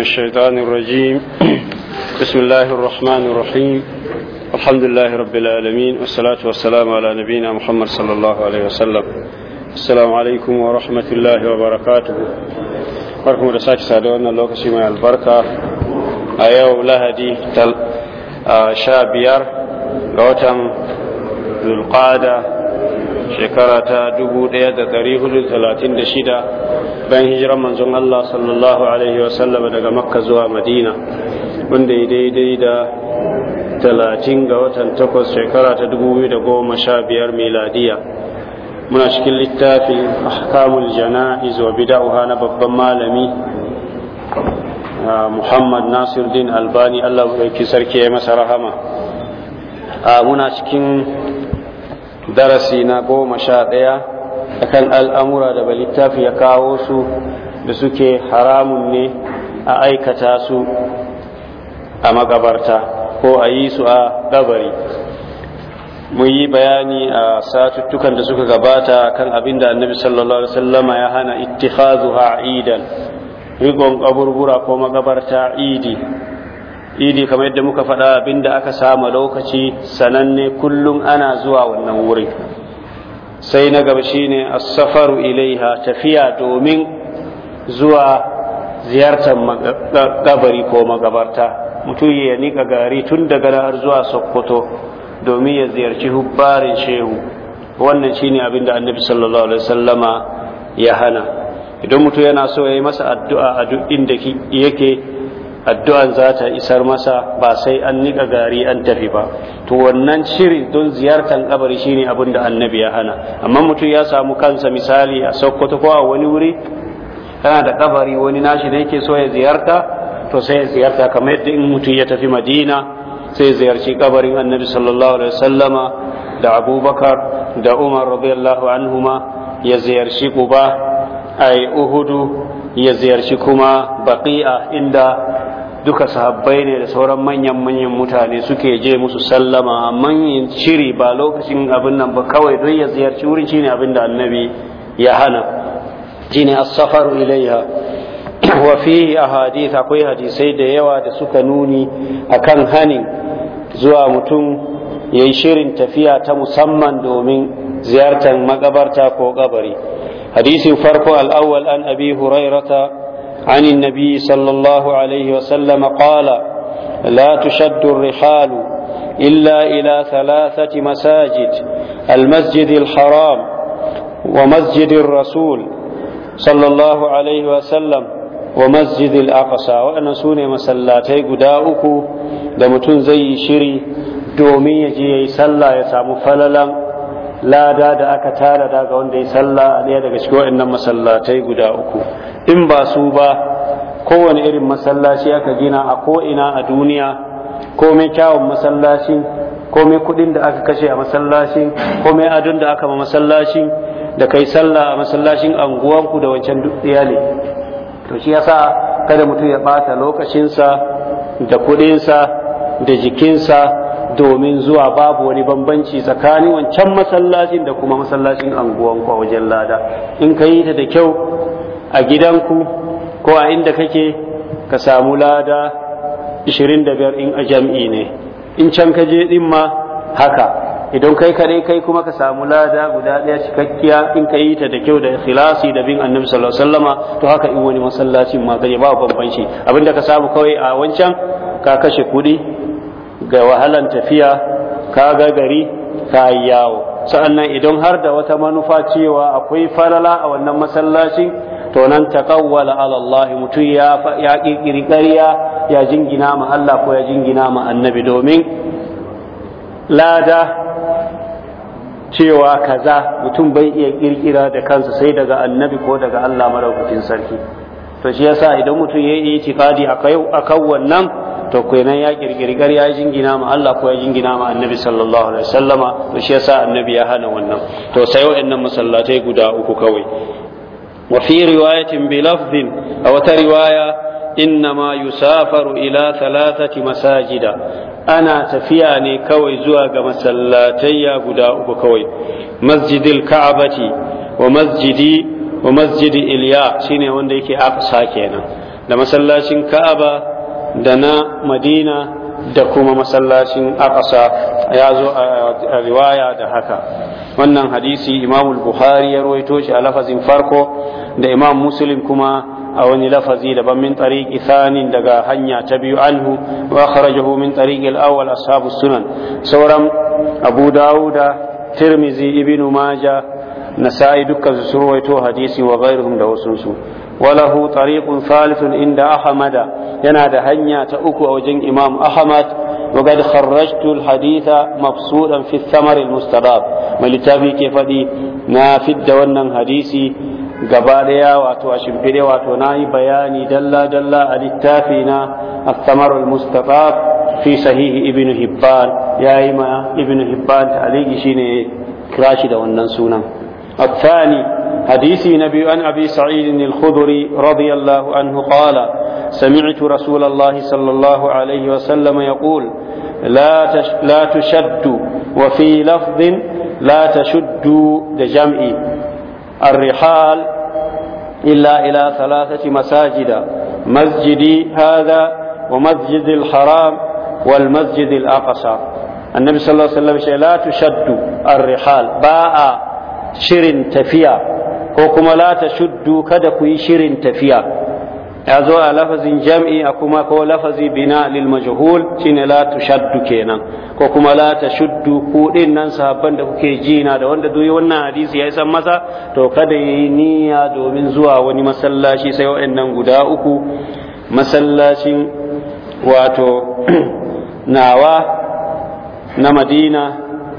من الشيطان الرجيم بسم الله الرحمن الرحيم الحمد لله رب العالمين والصلاة والسلام على نبينا محمد صلى الله عليه وسلم السلام عليكم ورحمة الله وبركاته بركم رساك سادونا لوك سيما البركة أيو لهدي تل آه، شابير لوتم ذو القادة shekara ta 1436 bayan hijira manzon Allah sallallahu alaihi wasallam daga makka zuwa madina wanda ya daidai da 30 ga watan 8 shekara ta 2015 miladiya muna cikin littafin ahkamul jana'iz wa bida'uha na babban malami Muhammad Nasiruddin Albani Allah ya sarki ya masa rahama muna cikin darasi na goma sha ɗaya kan al'amura da littafi ya kawo su da suke haramun ne a aikata su a magabarta ko a yi su a ɗabari mun yi bayani a satuttukan da suka gabata kan abin da annabi sallallahu alaihi sallama ya hana ha idan rigon ƙaburbura ko magabarta idi idi kamar yadda muka faɗa abinda aka samu lokaci sananne kullum ana zuwa wannan wurin sai na gaba shine as-safaru ilaiha tafiya domin zuwa ziyartar kabari ko magabarta mutum ya nika gari tun daga har zuwa sokoto domin ya ziyarci hubbarin shehu wannan shine abin da annabi sallallahu alaihi wasallama ya hana idan mutum yana so ya yi masa addu'a a duk inda yake addu'an za ta isar masa ba sai an niƙa gari an tafi ba to wannan shirin don ziyartar kabari shine abin da annabi ya hana amma mutum ya samu kansa misali a sokoto ko a wani wuri tana da kabari wani nashi da yake so ya ziyarta to sai ya ziyarta kamar yadda in mutum ya tafi madina sai ziyarci kabarin annabi sallallahu alaihi wasallama da abubakar da umar radiyallahu anhuma ya ziyarci kuba ai uhudu ya ziyarci kuma baqi'a inda duka sahabbai ne da sauran manyan manyan mutane suke je musu sallama manyan shiri ba lokacin abin nan ba kawai don ya ziyarci wurin shine abin da annabi ya hana shine as-safaru ilaiha wa fihi ahadith akwai hadisai da yawa da suka nuni akan hanin zuwa mutum yayi shirin tafiya ta musamman domin ziyartar magabarta ko kabari hadisin farko al-awwal an abi hurairata عن النبي صلى الله عليه وسلم قال لا تشد الرحال إلا إلى ثلاثة مساجد المسجد الحرام ومسجد الرسول صلى الله عليه وسلم ومسجد الأقصى وأنا سوني مسلاتي قداؤكو دمتون زي شري دومي يجي يسلى يسام فللا lada da aka tara daga wanda ya sallah a ɗaya daga cikin waɗannan masallatai guda uku in ba su ba kowane irin masallaci aka gina a ko'ina a duniya ko mai kyawun masallaci mai kuɗin da aka kashe a ko mai adon da aka ma masallaci da kai sallah a masallacin anguwanku da wancan iyali to shi yasa kada mutum ya ɓata lokacinsa da kuɗinsa da jikinsa domin zuwa babu wani bambanci tsakanin wancan masallacin da kuma masallacin anguwanku a wajen lada in ka yi ta da kyau a gidanku ko a inda kake ka samu lada 25 in a jam'i ne in can ka je din ma haka idan kai kare kai kuma ka samu lada guda ɗaya cikakkiya in ka yi ta da kyau da ikhlasi da bin annabi sallallahu alaihi wasallama to haka in wani masallacin ma kai ba bambanci abinda ka samu kawai a wancan ka kashe kuɗi ga wahalan tafiya ka ga gari ka yi yawo sa'annan idan har da wata manufa cewa akwai falala a wannan masallacin, to nan taqawwala ala Allah mutum ya ya kirkiri ƙarya ya jingina ma Allah ko ya jingina ma annabi domin lada cewa kaza mutum bai iya kirkira da kansa sai daga annabi ko daga Allah madaukakin sarki to shi yasa idan mutum ya yi itikadi a kan wannan to kenan ya kirkiri ƙarya ya jingina ma Allah ko ya jingina ma annabi sallallahu alaihi wasallama to shi yasa annabi ya hana wannan to sai wa'annan masallatai guda uku kawai wa fi riwayatin a wata riwaya innama yusafaru ila thalathati masajida ana tafiya ne kawai zuwa ga masallatayya guda uku kawai masjidil ka'abati wa masjidi wa ilya shine wanda yake aqsa kenan da masallacin ka'aba da na madina da kuma masallacin akasa ya zo a riwaya da haka wannan hadisi imamul bukhari ya ruwaito shi a lafazin farko da imam muslim kuma a wani lafazi daban min tariq ithanin daga hanya ta biyu anhu wa akhrajahu min tariq al-awwal ashabu sunan sauran abu dauda tirmizi ibnu majah nasa'i dukkan su ruwaito hadisi wa ghairuhum da wasunsu Walahu, Tariqun, ثالث inda ahmada yana da hanya ta uku a wajen imam ahmad wa gad kharrajtu alhaditha mabsudan fi thamar almustadab mai littafi ke faɗi na fidda wannan hadisi gaba daya wato a shimfiɗe wato na yi bayani dalla dalla a littafi na athamar almustadab fi sahihi ibn hibban yayi ma ibn hibban ta'aliki shine kira shi da wannan sunan الثاني حديث نبي أن أبي سعيد الخضري رضي الله عنه قال سمعت رسول الله صلى الله عليه وسلم يقول لا تش لا تشد وفي لفظ لا تشد لجمع الرحال إلا إلى ثلاثة مساجد مسجدي هذا ومسجد الحرام والمسجد الأقصى النبي صلى الله عليه وسلم لا تشد الرحال باء شر تفيا ko kuma la shuddu kada ku yi shirin tafiya ya zo a lafazin jam'i a kuma ko lafazi bina lil majhul shine la shaddu kenan ko kuma la shuddu ku din nan sahabban da kuke jina da wanda duyi wannan hadisi ya san masa to kada yi niyya domin zuwa wani masallaci sai wa'annan guda uku masallacin wato nawa na madina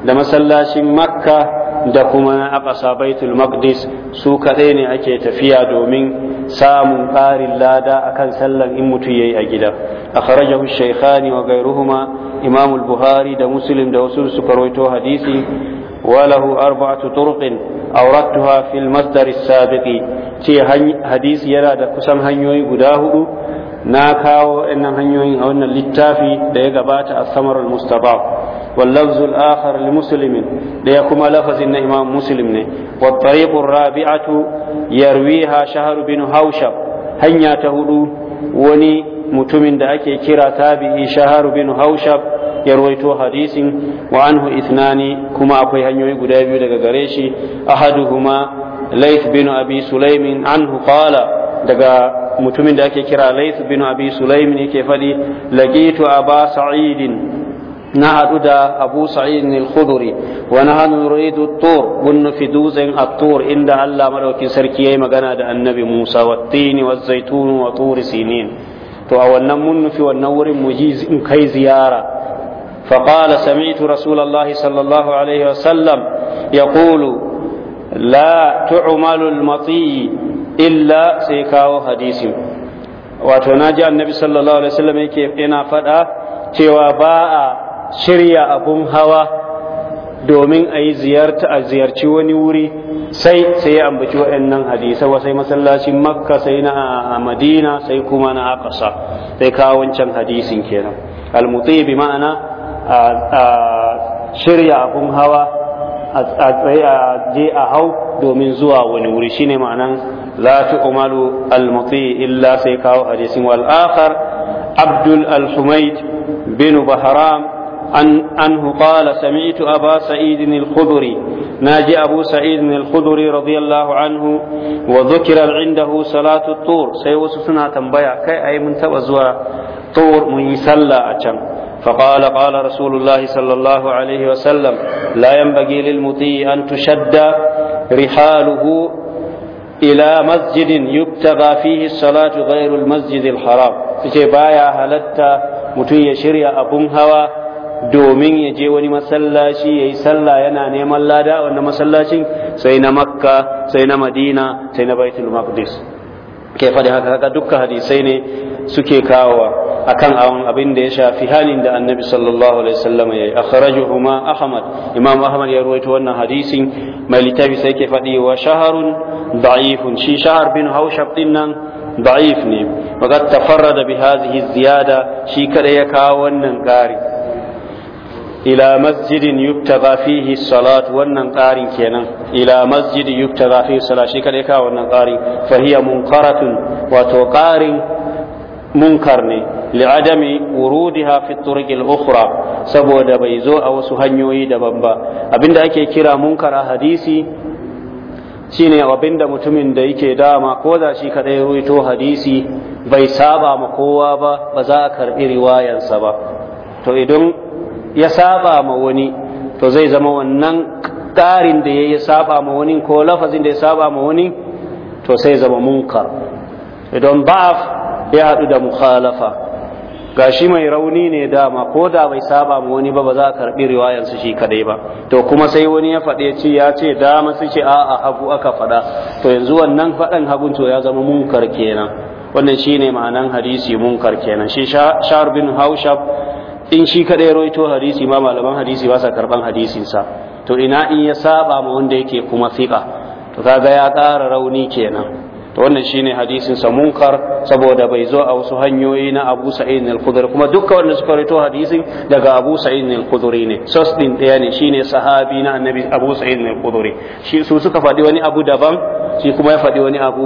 da masallacin makka da kuma a ƙasa baitul maqdis su kadai ne ake tafiya domin samun ƙarin lada akan sallan in mutum yayi a gida akhrajahu shaykhani wa ghayruhuma imam al-bukhari da muslim da wasu su karwaito hadisi wa lahu arba'atu turqin awrattuha fil masdar as-sabiqi ce hadisi yana da kusan hanyoyi guda hudu na kawo wannan hanyoyin a wannan littafi da ya gabata a samar al-mustaba wa lafz al-akhar da ya kuma lafazin na imam muslim ne wa tariq ar-rabi'atu yarwiha shahr bin haushab hanya ta hudu wani mutumin da ake kira tabi'i shahr bin haushab ya hadisin wa anhu ithnani kuma akwai hanyoyi guda biyu daga gare shi ahaduhuma laith bin abi sulaimin anhu qala daga mutumin da ake kira Layth bin Abi Sulaim ne ke faɗi laqitu Aba Sa'id أبو سعيد الخدري ونحن نريد الطور بن في دوز الطور إن الله ملوك سركي مغانا النبي موسى والتين والزيتون وطور سينين تو أولنا في والنور مجيز كي زيارة فقال سمعت رسول الله صلى الله عليه وسلم يقول لا تعمل المطي illa sai kawo hadisi wato na ji annabi sallallahu alaihi wasallam yake ina faɗa cewa ba a shirya abun hawa domin a yi ziyarta a ziyarci wani wuri sai sai ya ambaci waɗannan hadisa wa sai masallacin makka sai na a madina sai kuma na akasa sai kawo wancan hadisin kenan almutsi bi ma'ana a shirya abun hawa a tsaye a je a hau domin zuwa wani wuri shine ma'anan la tu'malu al-muti illa sai kawo hadisin wal akhar abdul al-humayd bin bahram عن عنه قال سمعت أبا سعيد الخدري ناجي أبو سعيد الخدري رضي الله عنه وذكر عنده صلاة الطور سيوسفنا تنبيا كي أي من توزوى طور من يسلى أجم فقال قال رسول الله صلى الله عليه وسلم لا ينبغي للمطيع أن تشد رحاله ila masjidin yuktaga fihi salatu ghairu almasjid alharam yace baya halatta mutum ya shirya abun hawa domin ya je wani masallaci yayi sallah yana neman lada wannan masallacin sai na makka sai na madina sai na baitul maqdis ke faɗi haka haka dukkan hadisai ne suke kawowa akan awon abin da ya shafi halin da annabi sallallahu alaihi wasallam ya yi akhrajuhuma ahmad imam ahmad ya rawaito wannan hadisin mai littafi sai ke faɗi wa shaharun da'ifun shi shahar bin haushab din nan da'if ne wa qad tafarrada bi hadhihi ziyada shi kada ya kawo wannan ƙari ila masjidin yuktaza fihi salat wannan tsarin kenan ila masjidin yuktaza fihi salat shi kadai kawo wannan tsarin fa hiya munqaratun wato qarin munkar ne li'adami wurudiha fi turgil ukhra saboda bai zo a wasu hanyoyi daban ba abinda ake kira munkar a hadisi shine abinda mutumin da yake dama ko da shi kadai ruwaito hadisi bai saba ma kowa ba ba za a karbi riwayansa ba to idan ya saba ma wani to zai zama wannan ƙarin da ya saba ma wani ko lafazin da ya saba ma wani to sai zama munkar idan ba'af ya haɗu da mukhalafa shi mai rauni ne dama ko da bai saba ma wani ba ba za a karɓi riwayan su shi kadai ba to kuma sai wani ya faɗe ci ya ce dama su ce a'a hagu aka faɗa to yanzu wannan faɗan hagun to ya zama munkar kenan wannan shine ma'anan hadisi munkar kenan shi shar bin haushab in shi kadai roito hadisi ma malaman hadisi ba sa karban sa. to ina in ya saba ma wanda yake kuma fiqa to kaga ya ƙara rauni kenan to wannan shine hadisin sa munkar saboda bai zo a wasu hanyoyi na Abu Sa'id al-Khudri kuma dukkan wanda suka rawaito hadisin daga Abu Sa'id al-Khudri ne sos din daya ne shine sahabi na Annabi Abu Sa'id al-Khudri shi su suka faɗi wani abu daban shi kuma ya faɗi wani abu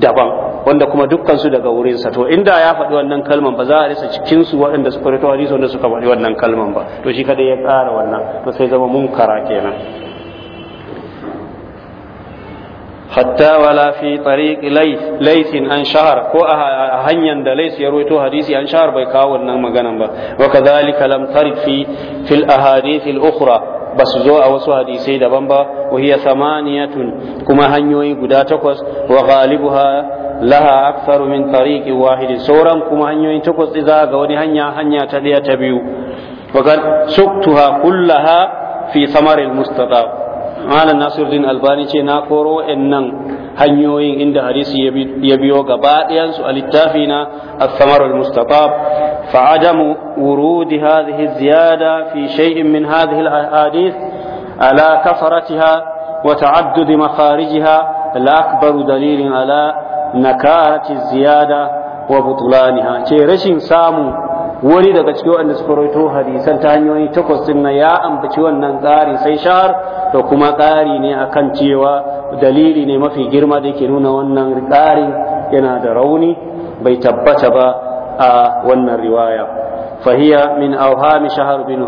daban wanda kuma dukkan su daga wurin sa to inda ya faɗi wannan kalman ba za a rasa cikin su waɗanda suka rawaito hadisin wanda suka faɗi wannan kalman ba to shi kada ya ƙara wannan to sai zama munkara kenan hatta wala fi tariq laysin an shahar ko a hanyar da lays ya rawaito hadisi an shahar bai kawo wannan maganan ba wa kadhalika lam tarid fi fil ahadith al ukhra ba su zo a wasu hadisai daban ba wa hiya samaniyatun kuma hanyoyi guda takwas wa ghalibuha laha aktharu min tariqi wahid sauran kuma hanyoyi takwas za ga wani hanya hanya ta daya ta biyu wa qad kullaha fi samaril mustata malam nasiruddin albani ce na koro nan hanyoyin inda hadisi ya biyo gaba ɗayansu a littafi na as-samar al-mustafab fa adamu wurudi hadhihi ziyada fi shay'in min hadhihi al-ahadith ala kafaratiha wa ta'addudi makharijiha la akbaru dalilin ala nakarati ziyada wa butlaniha ce rashin samu wani daga cikin wanda suka rawaito hadisan ta hanyoyi takwas din nan ya ambaci wannan tsari sai shahar da kuma tsari ne akan cewa dalili ne mafi girma da yake nuna wannan tsarin yana da rauni bai tabbata ba a wannan riwaya fahiya min auhami shahar bin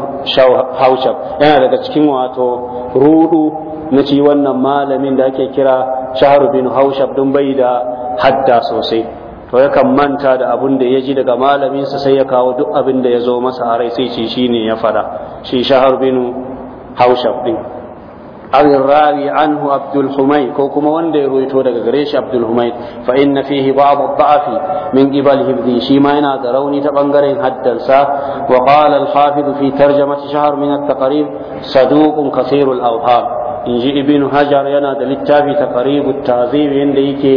haushab yana daga cikin wato rudu na ci wannan malamin da ake kira shahar bin haushab don bai da hadda sosai to yakan manta da abin da ya ji daga malaminsa sai ya kawo duk abin da ya zo masa a rai sai ce shi ne ya fada shi shahar binu haushab din awin rari anhu abdul humay ko kuma wanda ya ruwaito daga gare shi abdul humay fa inna fihi ba'd ad-da'fi min qibal hibdi shi ma yana da rauni ta bangaren haddansa wa qala al-hafiz fi tarjamati shahar min at-taqrib saduqun kathirul awham inji ibnu hajar yana da littafi taqribut ta'zib yanda yake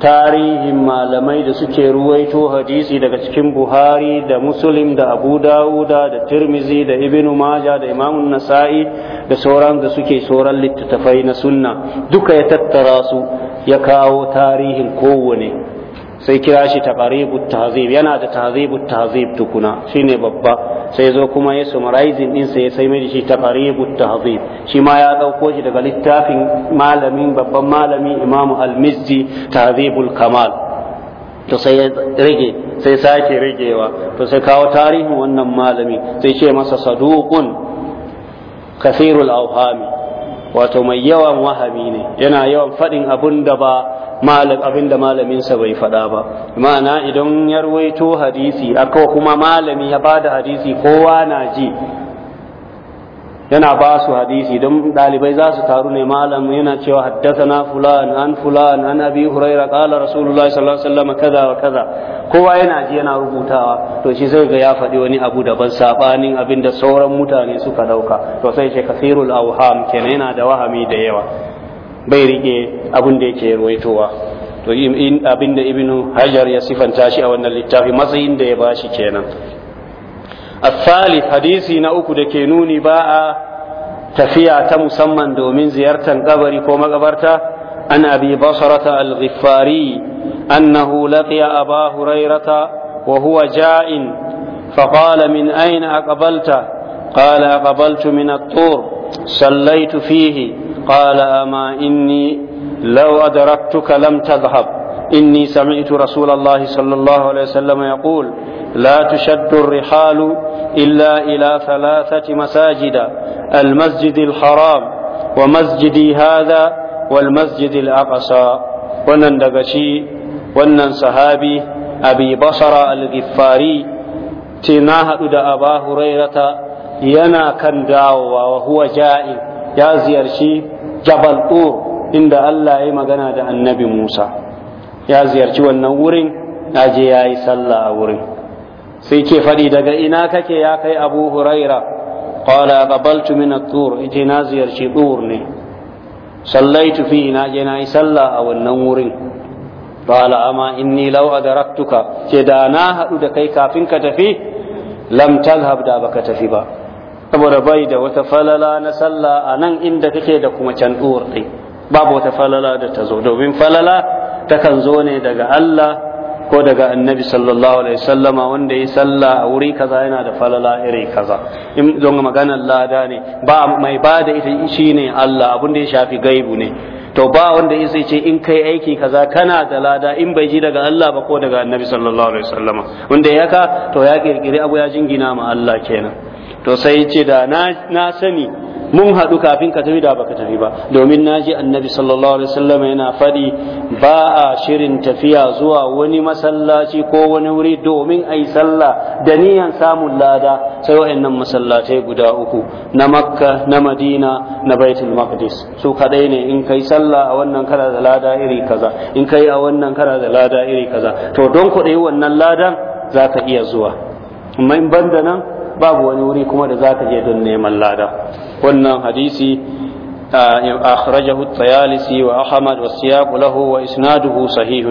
tarihin malamai da suke ruwaito hadisi daga cikin buhari da muslim da abu dawuda da tirmizi da ibn maja da imamun nasa'i da sauran da suke sauran littattafai na sunna duka ya tattara su ya kawo tarihin kowane sai kira shi taqribut tahzib yana da tahzibu tahzib tukuna shine babba sai zo kuma ya summarizing din sai sai mai shi taqribut tahzib shi ma ya dauko shi daga littafin malamin babban malami Imam Al-Mizzi tahzibul kamal to sai ya rage sai sake ragewa to sai kawo tarihin wannan malami sai ce masa saduqun kasirul awhami wato mai yawan wahami ne yana yawan faɗin abin da ba abin da malaminsa bai faɗa ba ma'ana idan ya ruwaito hadisi aka kuma malami ya bada hadisi kowa na ji yana ba su hadisi don ɗalibai za su taru ne malam yana cewa haddasa na fulan an fulan an abi huraira kala rasulullahi sallallahu alaihi wasallam kaza wa kaza kowa yana ji yana rubutawa to shi sai ga ya faɗi wani abu daban sabanin abin da sauran mutane suka dauka to sai ce kasirul awham kenan yana da wahami da yawa bai rike abin da yake ruwaitowa to in ibnu hajar ya sifanta shi a wannan littafi matsayin da ya bashi kenan الثالث حديثي نأكد كنوني باء تفيعة تمسما دومين زيارة قبري كوما قبرتا أن أبي بصرة الغفاري أنه لقي أبا هريرة وهو جائن فقال من أين أقبلت قال أقبلت من الطور صليت فيه قال أما إني لو أدركتك لم تذهب إني سمعت رسول الله صلى الله عليه وسلم يقول لا تشد الرحال إلا إلى ثلاثة مساجد المسجد الحرام ومسجدي هذا والمسجد الأقصى ونندقشي ونن صحابي أبي بصر الغفاري تناه أدى أبا هريرة ينا كان داوة وهو جائل يا زيرشي جبل طور عند الله إما دا النبي موسى يا زيرشي والنورين أجي يا سلا أورين sai ke faɗi daga ina kake ya kai abu huraira ƙwala qabaltu min tur ije na ziyarci tur ne sallaitu fi na je na yi sallah a wannan wurin in amma inni da raktuka. ce da na haɗu da kai kafin ka tafi lam talhab da baka tafi ba saboda bai da wata falala na sallah a nan inda kake da kuma can tur ɗin babu wata falala da ta zo domin falala takan zo ne daga Allah ko daga annabi sallallahu alaihi sallama wanda ya salla a wuri kaza yana da falala iri kaza in don maganar lada ne ba mai ba da ita shine Allah abin da ya shafi gaibu ne to ba wanda ya ce in kai aiki kaza kana da lada in bai ji daga Allah ba ko daga annabi sallallahu alaihi sallama wanda ya ka to ya kirkiri abu ya jingina ma Allah kenan to sai ce da na sani mun haɗu kafin ka tafi da baka tafi ba domin na ji annabi sallallahu alaihi wasallam yana faɗi ba a shirin tafiya zuwa wani masallaci ko wani wuri domin a yi sallah da niyan samun lada sai wa'annan masallatai guda uku na makka na madina na baitul maqdis su kadai ne in kai sallah a wannan kara da lada iri kaza in kai a wannan kara da lada iri kaza to don kuɗi wannan ladan za ka iya zuwa amma in banda nan babu wani wuri kuma da zaka je don neman lada wannan hadisi أخرجه الطيالسي وأحمد والسياق له وإسناده صحيح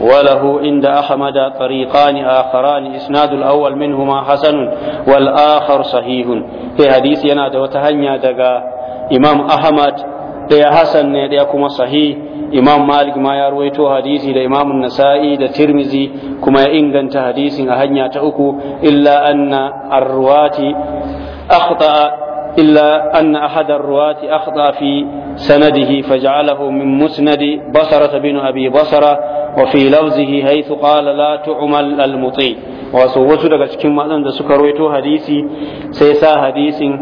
وله عند أحمد طريقان آخران إسناد الأول منهما حسن والآخر صحيح في حديث ينادى وتهنيا دقا إمام أحمد دي حسن دي صحيح imam malik ma ya ruwaito hadisi da imam nasa'i da tirmizi kuma ya inganta hadisin a hanya ta uku illa anna arwati akhta illa anna ahad arwati akhta fi sanadihi faj'alahu min musnadi basara bin abi basara wa fi lafzihi haythu qala la tu'mal al muti wasu wasu daga cikin matsan da suka ruwaito hadisi sai sa hadisin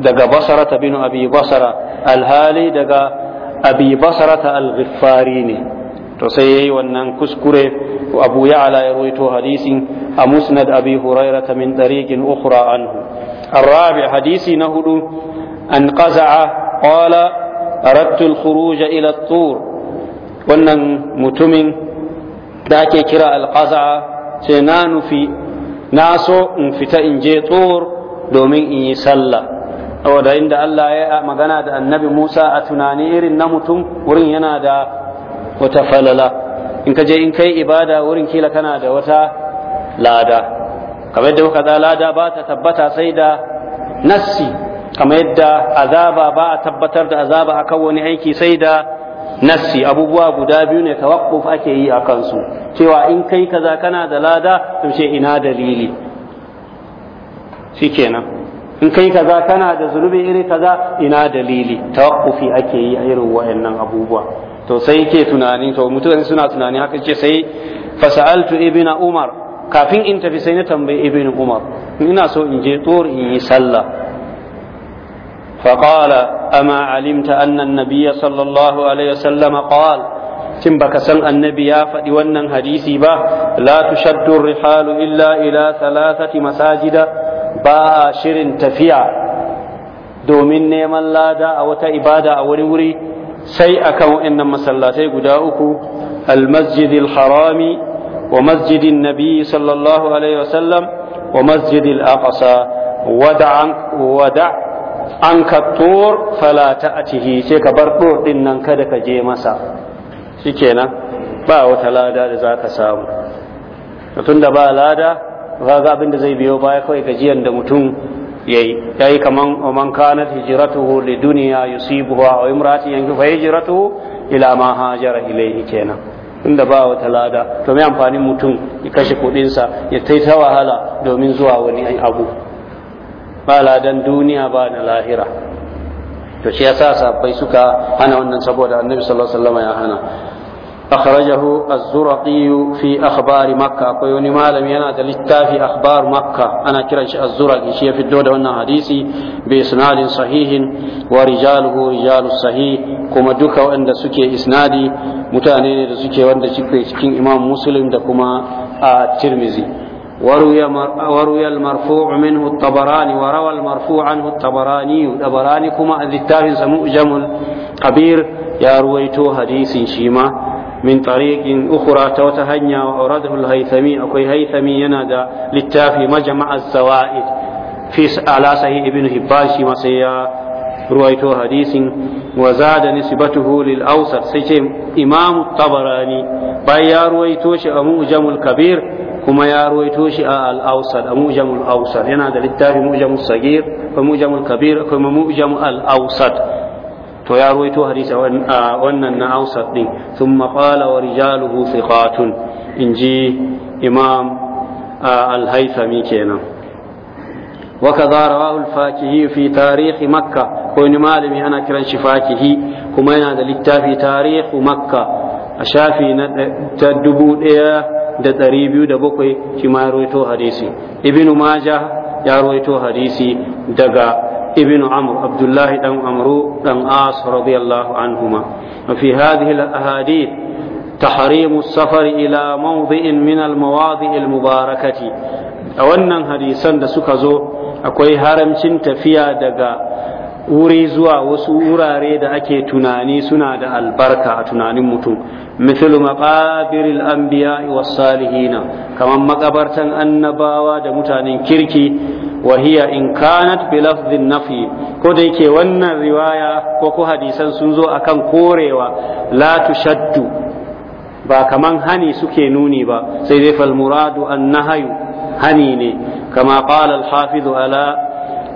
daga basara bin abi basara alhali daga abi basarata al-ghiffari ne to sai yayi wannan kuskure abu ya'la ya rawaito hadisin a musnad abi hurairata min tariqin ukhra anhu الرابع حديثي نهدو أن قزع قال أردت الخروج إلى الطور وأن متمن ذاك كرا القزع سنان في ناسو انفتا إن جي طور دومين إن يسلّى saboda inda Allah ya magana da annabi Musa a tunani irin na mutum wurin yana da wata falala in ka je in kai ibada wurin kila kana da wata lada kamar yadda muka lada ba ta tabbata sai da nassi kamar yadda azaba ba a tabbatar da azaba kan wani aiki sai da nassi abubuwa guda biyu ne tawakkuf ake yi a kansu cewa in kai kaza kana da lada to ina dalili shikenan in kai kaza kana da zunubi iri kaza ina dalili tawaqqufi ake yi a irin wayannan abubuwa to sai yake tunani to mutane suna tunani haka ce sai fasaltu ibna umar kafin in tafi sai na tambayi ibnu umar ina so in je tsor in yi sallah فقال أما علمت أن النبي صلى الله عليه وسلم قال baka san annabi ya faɗi wannan hadisi ba la tushaddu rihalu illa ila thalathati masajida Ba a shirin tafiya domin neman lada a wata ibada a wani wuri sai a kan waɗannan masallatai guda uku, al-masjidin Harami wa masjidin Nabi sallallahu alaihi wa sallam, wa masjidin Akwasa, wadancan hankato falata a cihi hice ka bar ɗor ɗin nan kada ka je masa. Sike na. Ba wata lada da za ka samu. Da tun da ba lada. ga abin da zai biyo baya kawai gajiyan da mutum ya yi, yayi yayi kaman duniya kanat hijratuhu lidunya yusibuha aw imratin yankin fa hijratuhu ila ma hajara ilayhi kenan inda ba wata lada to mai amfanin mutum ya kashe ya sa ya ta wahala domin zuwa wani abu ba ladan duniya ba na lahira to shi ya yasa sabbai suka hana wannan saboda annabi sallallahu alaihi wasallam ya hana أخرجه الزرقي في أخبار مكة قيون مالم ينادى للتافي أخبار مكة أنا كرش الزرقي شيء في الدودة وأنها حديثي بإسناد صحيح ورجاله رجال الصحيح كما دوكا وأن سكي إسنادي متانين سكي وأن سكي إمام مسلم دكما الترمذي وروي وروي المرفوع منه الطبراني وروى المرفوع عنه الطبراني الطبراني كما الذي سمو جمل قبير يا رويتو حديث شيما من طريق أخرى توتهنيا وأراده الهيثمي أكوي هيثمي ينادى للتافي مجمع الزوائد في على صحيح ابن هباش مسيا رويته حديث وزاد نسبته للأوسط سيتم إمام الطبراني بايا رويتوش أموجم الكبير كما يا رويتوش الأوسط أموجم الأوسط ينادى للتافي موجم الصغير وموجم الكبير كما موجم الأوسط to ya ruwaito hadisi a wannan na hausa din thumma qala wa rijaluhu thiqatun inji imam al-haythami kenan wa kadha rawahu al-fakihi fi tarikh ko ni malami ana kiran shi fakihi kuma yana da littafi tarihi makka a shafi na ta dubu daya da ɗari biyu da bakwai shi ma ya hadisi ibnu maja ya roito hadisi daga ابن عمرو عبد الله بن عمرو بن عاص رضي الله عنهما وفي هذه الأحاديث تحريم السفر إلى موضع من المواضع المباركة أولا حديثا دسكزو أكوي هرم تفيا دقا wuri zuwa wasu wurare da ake tunani suna da albarka a tunanin mutum مثل مقابر الأنبياء والصالحين كما مقبرة النباوة دمتان كركي وهي إن كانت بلفظ النفي كوديك ون الرواية كوكو حديثا سنزو أكن كوريوا لا تشد با كمان هني سكي نوني با سيدف المراد النهي هنيني كما قال الحافظ على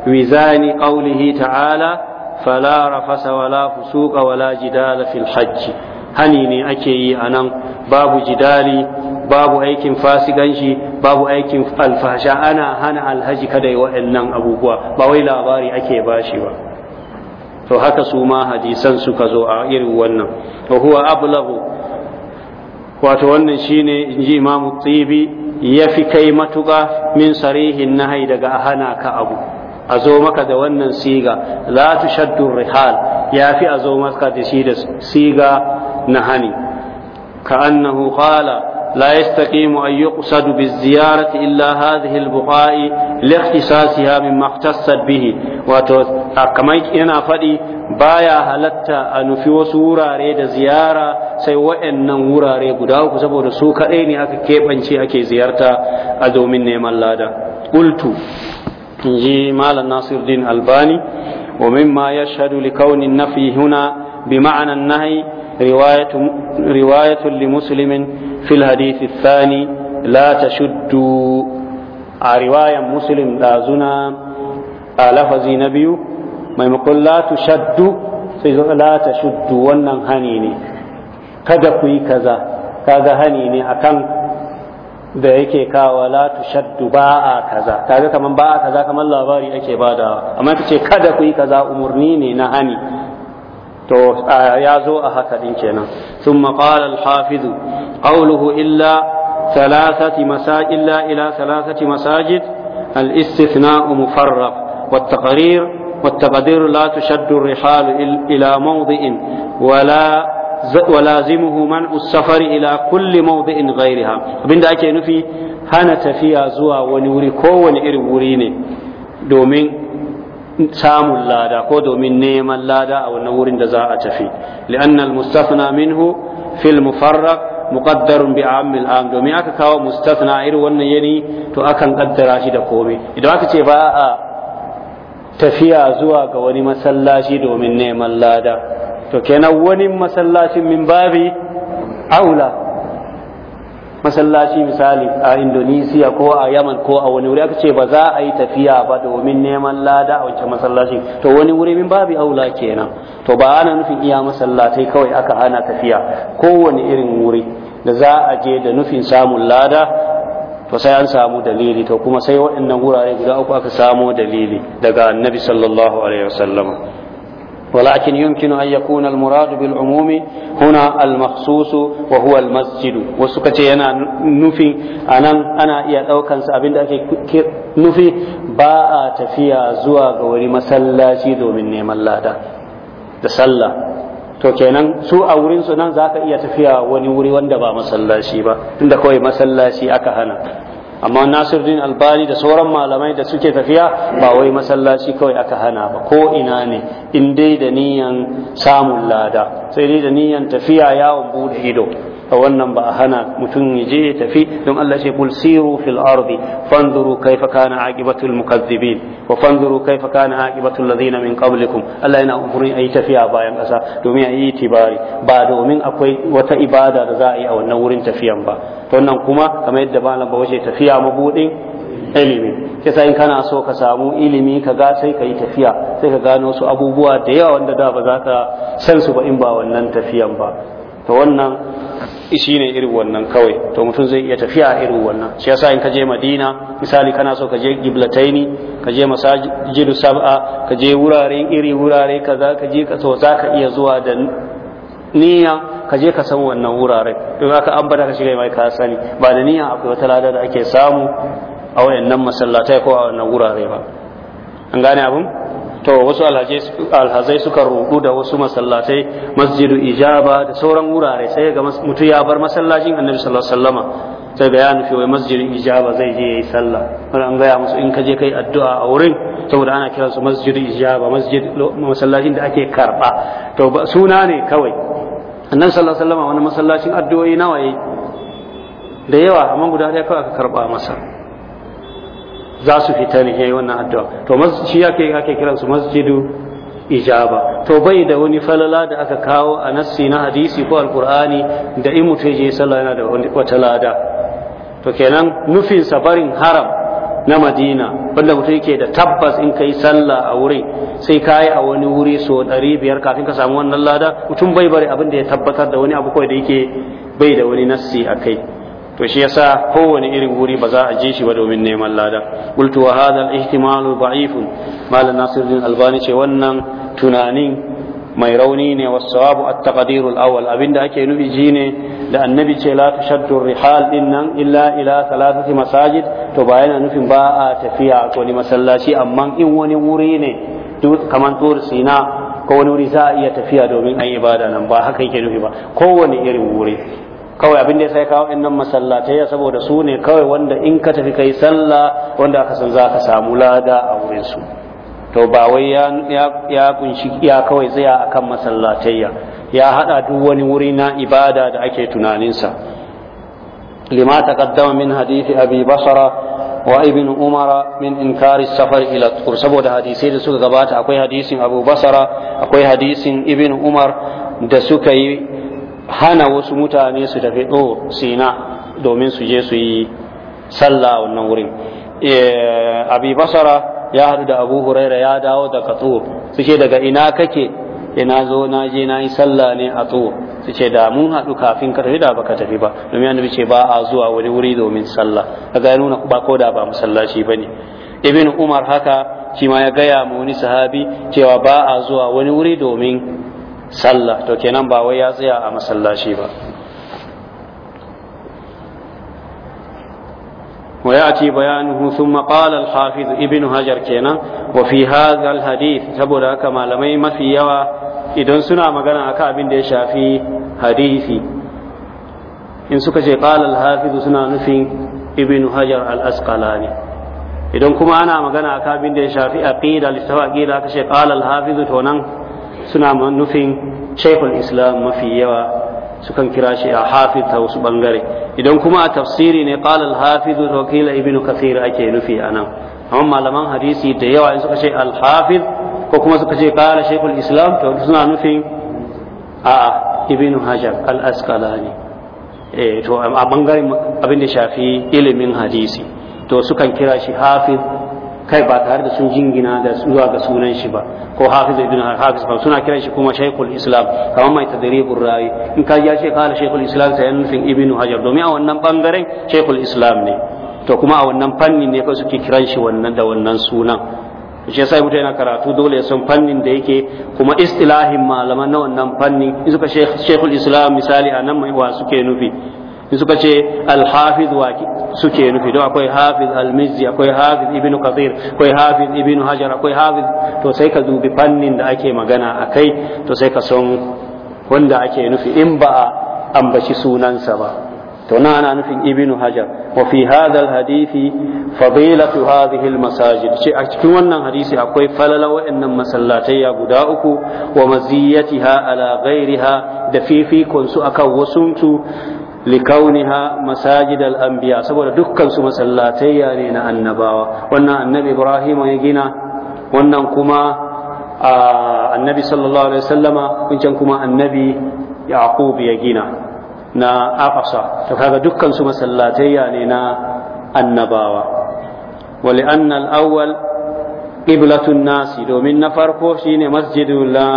وزان قوله تعالى فلا رفس ولا فسوق ولا جدال في الحج hani ne ake yi a nan babu jidali babu aikin fasiganci babu aikin alfasha ana hana alhaji kada yi waɗannan abubuwa ba wai labari ake bashi ba to haka su ma hadisan suka zo a irin wannan to huwa wato wannan shine inji imamu tsibi ya fi kai matuƙa min sarihin nahai daga hana ka abu a zo maka da wannan siga za tu shaddun rihal ya fi a zo maka da shi da siga نهني كأنه قال لا يستقيم أن يقصد بالزيارة إلا هذه البقاء لاختصاصها مما اختصت به وكميك إنا فدي بايا هلتا أن في وسورة ريد زيارة سيوى أن نورة ريد داو كسبو رسوك أيني أكا كيب أنشي أكي زيارة أدو من نيم اللادا قلت جي مال الناصر الدين الباني ومما يشهد لكون النفي هنا بمعنى النهي رواية, رواية لمسلم في الحديث الثاني لا تشد رواية مسلم لا زنا لفظ نبي ما يقول لا تشد لا تشد ونن هنيني kada ku yi kaza kaga hani ne akan da yake kawa la tushaddu ba'a kaza kaga kaman ba'a kaza kaman labari ake bada amma kace kada ku yi kaza umurni ne na hani to ya zo a haka din kenan thumma qala al ƙauluhu illa salasati masail illa ila thalathati masajid al-istithna' mufarraq والتقرير والتقدير لا ila الرحال إلى موضع ولا ولازمه منع السفر إلى كل موضع غيرها abin ake nufi hana tafiya zuwa wani wuri ko wani irin wuri ne domin samun lada ko domin neman lada a wannan wurin da za a tafi li'annal mustafna minhu fil mufarraq muqaddarun bi ammil am domin aka kawo mustafna irin wannan yani to akan kaddara shi da komai idan aka ce ba a tafiya zuwa ga wani masallaci domin neman lada to kenan wani masallacin min babi aula masallaci misali a Indonesia ko a Yaman ko a wani wuri aka ce ba za a yi tafiya ba domin neman lada a wancan masallaci to wani wuri min babu aula kenan to ba ana nufin iya masallatai kawai aka hana tafiya kowane irin wuri da za a je da nufin samun lada to sai an samu dalili to kuma sai waɗannan wurare guda uku aka samu dalili daga annabi sallallahu alaihi wasallam ولكن يمكن أن يكون المراد بالعموم هنا المخصوص وهو المسجد وسكتي أنا نفي أنا أنا يا أو كان سأبين نفي باء تفيا زوا غوري مسلا شيدو من نعم الله دا تسلا to kenan su a wurin su nan zaka iya tafiya wani wuri wanda ba masallaci ba tunda kawai masallaci aka hana amma nasiruddin albani da sauran malamai da suke tafiya ba wai masallaci kawai aka hana ba ko ina ne in dai da niyan samun lada sai dai da niyan tafiya yawon bude ido wannan ba a hana mutum ya je ya tafi don Allah ce kul siru fil ardi fanzuru kaifa kana aqibatul mukazzibin wa fanzuru kaifa kana aqibatul ladina min qablikum Allah yana umurni ayi tafiya bayan kasa domin ayi tibari ba domin akwai wata ibada da za a yi a wannan wurin tafiyan ba to wannan kuma kamar yadda malam ba wace tafiya mabudin ilimi kisa in kana so ka samu ilimi ka ga sai ka yi tafiya sai ka gano su abubuwa da yawa wanda da ba za ka san su ba in ba wannan tafiyan ba to wannan shi ne irin wannan kawai to mutum zai iya tafiya irin wannan shi yasa in ka je madina misali kana so ka je giblataini ka masajidu sab'a ka je wurare iri wurare kaza ka je ka so zaka iya zuwa da niyya kaje je ka san wannan wuraren don haka ambata ka shiga mai ka sani ba da niyya akwai wata lada da ake samu a wayannan masallatai ko a wannan wurare ba an gane abin to wasu alhazai suka rudu da wasu masallatai masjidu ijaba da sauran wurare sai ga mutum ya bar masallacin annabi sallallahu alaihi wasallam sai bayanu ya nufi wai masjidin ijaba zai je yayi sallah wani an gaya musu in ka je kai addu'a a wurin saboda ana kiransu masjidu ijaba masjid masallacin da ake karba to suna ne kawai annabi sallallahu alaihi wasallam wani masallacin addu'o'i nawa yayi da yawa amma guda ɗaya kawai aka karba masa za su fita ne yi wannan addu'a to shi yake ake kiran su masjidu ijaba to bai da wani falala da aka kawo a nassi na hadisi ko alqur'ani da in mutum je sallah yana da wata lada to kenan nufin sabarin haram na madina banda mutum yake da tabbas in ka yi sallah a wuri sai ka yi a wani wuri so ɗari biyar kafin ka samu wannan lada mutum bai bari abin da ya tabbatar da wani abu kawai da yake bai da wani nassi a kai to shi yasa kowane irin wuri ba za a je shi ba domin neman lada qultu wa hadha al-ihtimal da'if malan nasiruddin albani ce wannan tunanin mai rauni ne was sawabu at-taqdir al-awwal abinda ake nufi ji ne da annabi ce la tashaddu rihal dinnan illa ila thalathati masajid to ba yana nufin ba a tafiya ko wani masallaci amma in wani wuri ne kamar tur sina ko wani wuri za a iya tafiya domin an ibada nan ba haka yake nufi ba kowane irin wuri kawai abin da ya sai kawo nan masallatai ya saboda su ne kawai wanda in ka tafi kai sallah wanda aka san za ka samu lada a wurin su to ba wai ya ya kunshi ya kawai tsaya akan masallatai ya ya hada duk wani wuri na ibada da ake tunaninsa lima taqaddama min hadisi abi basra wa ibn umar min inkari safar ila tur saboda hadisai da suka gabata akwai hadisin abu basra akwai hadisin ibn umar da suka yi hana wasu mutane su tafi ɗo oh, sina domin su je su yi sallah wannan wurin eh, abi basara ya haɗu da abu huraira ya dawo da Tuwo su ce daga ina kake ina eh, zo na je na yi sallah ne a Tuwo su ce da mun haɗu kafin ka tafi da baka tafi ba domin annabi ce ba a zuwa wani wuri domin sallah kaga ya nuna ba ko da ba masallaci ne. ibn umar haka shi ya gaya ma wani sahabi cewa ba a zuwa wani wuri domin sallah to kenan ba wai ya tsaya a masallaci ba ati ويأتي بيانه ثم قال الحافظ Hajar kenan wa fi هذا الحديث تبدا كما haka malamai mafi yawa idan suna magana akan abin da ya shafi hadisi in suka ce qala al-hafiz suna nufin ibn hajar al-asqalani idan kuma ana magana akan abin da ya shafi aqida littafa aqida aka ce qala al-hafiz to nan suna nufin shaikhul islam mafi yawa sukan kira shi a hafiz ta wasu bangare idan kuma a tafsiri ne qala al hafiz to kila ibnu kathir ake nufi anan amma malaman hadisi da yawa in suka ce al hafiz ko kuma suka ce qala shaikhul islam to suna nufin a ibnu hajar al asqalani eh, to a bangaren abin da shafi ilimin hadisi to sukan kira shi hafiz kai ba tare da sun jingina da zuwa ga sunan shi ba ko hafiz ibn hafiz ba suna kiran shi kuma shaykhul islam kamar mai tadribur rawi in ka ya ce kala shaykhul islam sai nufin ibn hajar domin a wannan bangaren shaykhul islam ne to kuma a wannan fannin ne kai suke kiran shi wannan da wannan sunan shi sai mutum yana karatu dole ya san fannin da yake kuma istilahin malaman na wannan fannin in suka shaykhul islam misali a nan mai wa suke nufi suka ce Alhafiz hafiz suke nufi don akwai hafiz al-mizzi akwai hafiz ibnu kathir akwai hafiz ibnu hajar akwai hafiz to sai ka dubi fannin da ake magana kai to sai ka san wanda ake nufi in ba a ambaci sunansa ba to na ana nufin ibnu hajar wa fi hadha al-hadithi fadilatu hadhihi al ce a cikin wannan hadisi akwai falala wa'annan masallatai ya guda uku wa maziyatiha ala ghairiha da fifikon su akan wasuntu likauniha masajid al-anbiya saboda dukkansu su masallatayya ne na annabawa wannan annabi ibrahim ya gina wannan kuma annabi sallallahu alaihi wasallama wancan kuma annabi yaqub ya gina na afasa to kaga dukkansu su masallatayya ne na annabawa wali annal awwal qiblatun nasi domin na farko shine masjidul la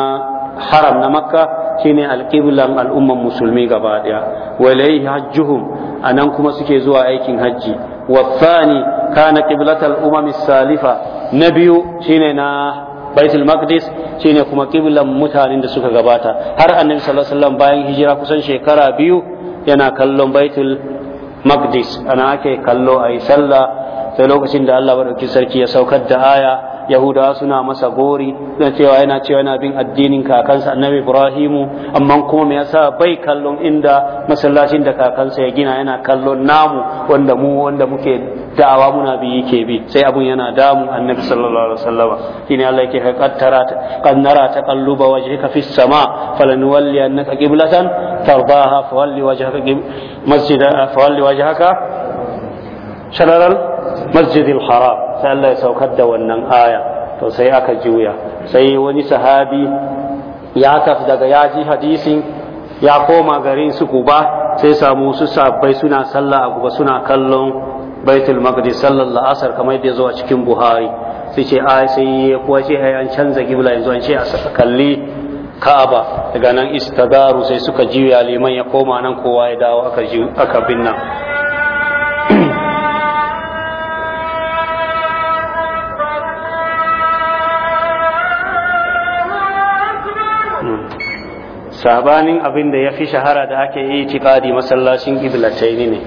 haram na makka shine alqiblan al'umman musulmi gaba daya walai hajjuhum anan kuma suke zuwa aikin hajji wasani kana qiblatal umam salifa na biyu shine na baitul maqdis shine kuma qiblan mutanen da suka gabata har annabi sallallahu alaihi wasallam bayan hijira kusan shekara biyu yana kallon baitul maqdis ana ake kallo ayi sallah sai lokacin da Allah madauki sarki ya saukar da aya yahudawa suna masa gori na cewa yana cewa yana bin addinin kakansa annabi ibrahimu amma kuma me yasa bai kallon inda masallacin da kakansa ya gina yana kallon namu wanda mu wanda muke da'awa muna bi yake bi sai abun yana damu annabi sallallahu alaihi wasallam shine Allah yake ta, kan nara kalluba wajhika fis sama falanwalli annaka qiblatan tardaha fawalli wajhaka masjidan fawalli wajhaka shararal masjidil haram sai Allah ya saukar da wannan aya to sai aka juya sai wani sahabi ya tafi daga ya ji hadisin ya koma garin su kuba sai samu su sabbai suna sallah a kuba suna kallon baitul maqdis sallallahu asar kamar yadda zuwa cikin buhari sai ce ai sai ya kuwa ce ai an canza gibla yanzu an ce a kalli ka'aba daga nan istagaru sai suka juya liman ya koma nan kowa ya dawo aka binna sabanin abin da ya fi shahara da ake yi itikadi masallacin ƙiblataini ne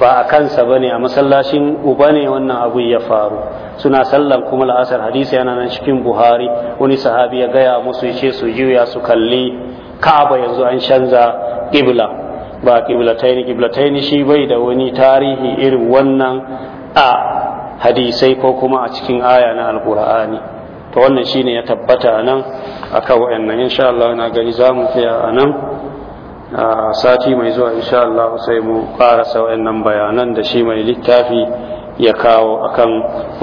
ba a kansa ba ne a masallacin uba ne wannan abu ya faru suna sallan kuma la'asar hadisi yana nan cikin buhari wani sahabi ya gaya musu ya ce su juya su kalli ka'aba yanzu an canza ƙibla ba ƙiblataini ƙiblataini shi bai da wani tarihi irin wannan a hadisai ko kuma a cikin aya na alkur'ani. to wannan shine ya tabbata a nan a kan insha Allah na gari za mu tsaya a nan a sati mai zuwa insha Allah sai mu ƙarasa nan bayanan da shi mai littafi ya kawo akan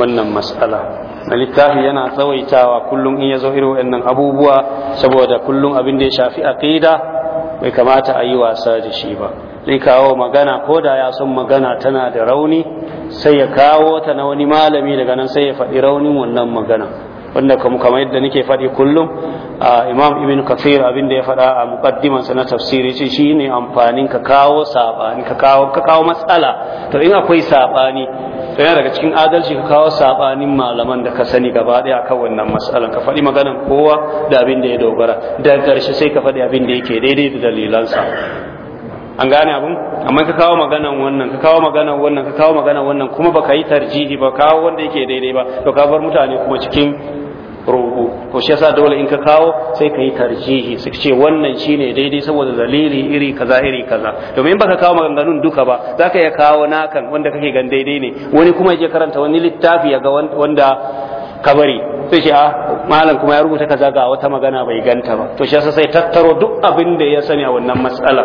wannan matsala. na littafi yana tsawaitawa kullum in ya zo irin wannan abubuwa saboda kullum abin da ya shafi aqida bai kamata a yi wasa da shi ba zai kawo magana ko da ya san magana tana da rauni sai ya kawo ta na wani malami daga nan sai ya faɗi raunin wannan magana wanda kuma kamar yadda nake faɗi kullum imam ibn kathir abin da ya faɗa a muqaddimansa na tafsiri ce shine amfanin ka kawo sabani ka kawo ka kawo matsala to in akwai sabani to yana daga cikin adalci ka kawo sabanin malaman da ka sani gaba ɗaya akan wannan matsalan ka faɗi maganan kowa da abin da ya dogara da ƙarshe sai ka faɗi abin da yake daidai da dalilansa an gane abun amma ka kawo maganan wannan ka kawo maganan wannan ka kawo maganan wannan kuma baka yi tarjihi ba kawo wanda yake daidai ba to ka bar mutane kuma cikin roƙo to shi yasa dole in ka kawo sai ka yi tarjihi su ce wannan shine daidai saboda dalili iri kaza iri kaza domin baka kawo maganganun duka ba za ka iya kawo nakan wanda kake gan daidai ne wani kuma ya karanta wani littafi ya ga wanda kabari sai ce a ah, malam kuma ya rubuta kaza ga wata magana bai ganta ba to shi yasa sai tattaro duk abin da ya sani a wannan matsala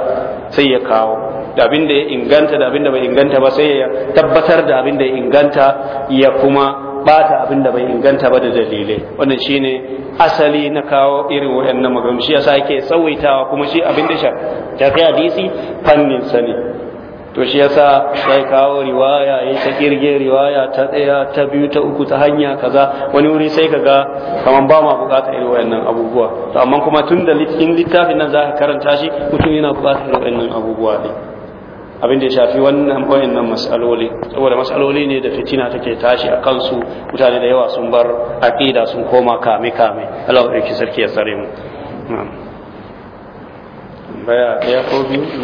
sai ya kawo da abin da ya inganta da abin da bai inganta ba sai ya tabbatar da abin da ya inganta ya kuma bata abin da bai inganta ba da dalilai wannan shine asali na kawo irin wayannan maganganu shi yasa yake tsawaitawa kuma shi abin da sha kai hadisi fannin sani to shi yasa sai kawo riwaya ya ta kirge riwaya ta tsaya ta biyu ta uku ta hanya kaza wani wuri sai kaga kaman ba ma bukatar irin wayannan abubuwa to amma kuma tun da littafin nan za ka karanta shi mutum yana bukatar irin wayannan abubuwa ne abin da ya shafi wannan wayannan mas'aloli saboda mas'aloli ne da fitina take tashi a kansu mutane da yawa sun bar aqida sun koma kame kame Allah ya sarki ya tsare mu baya ya ko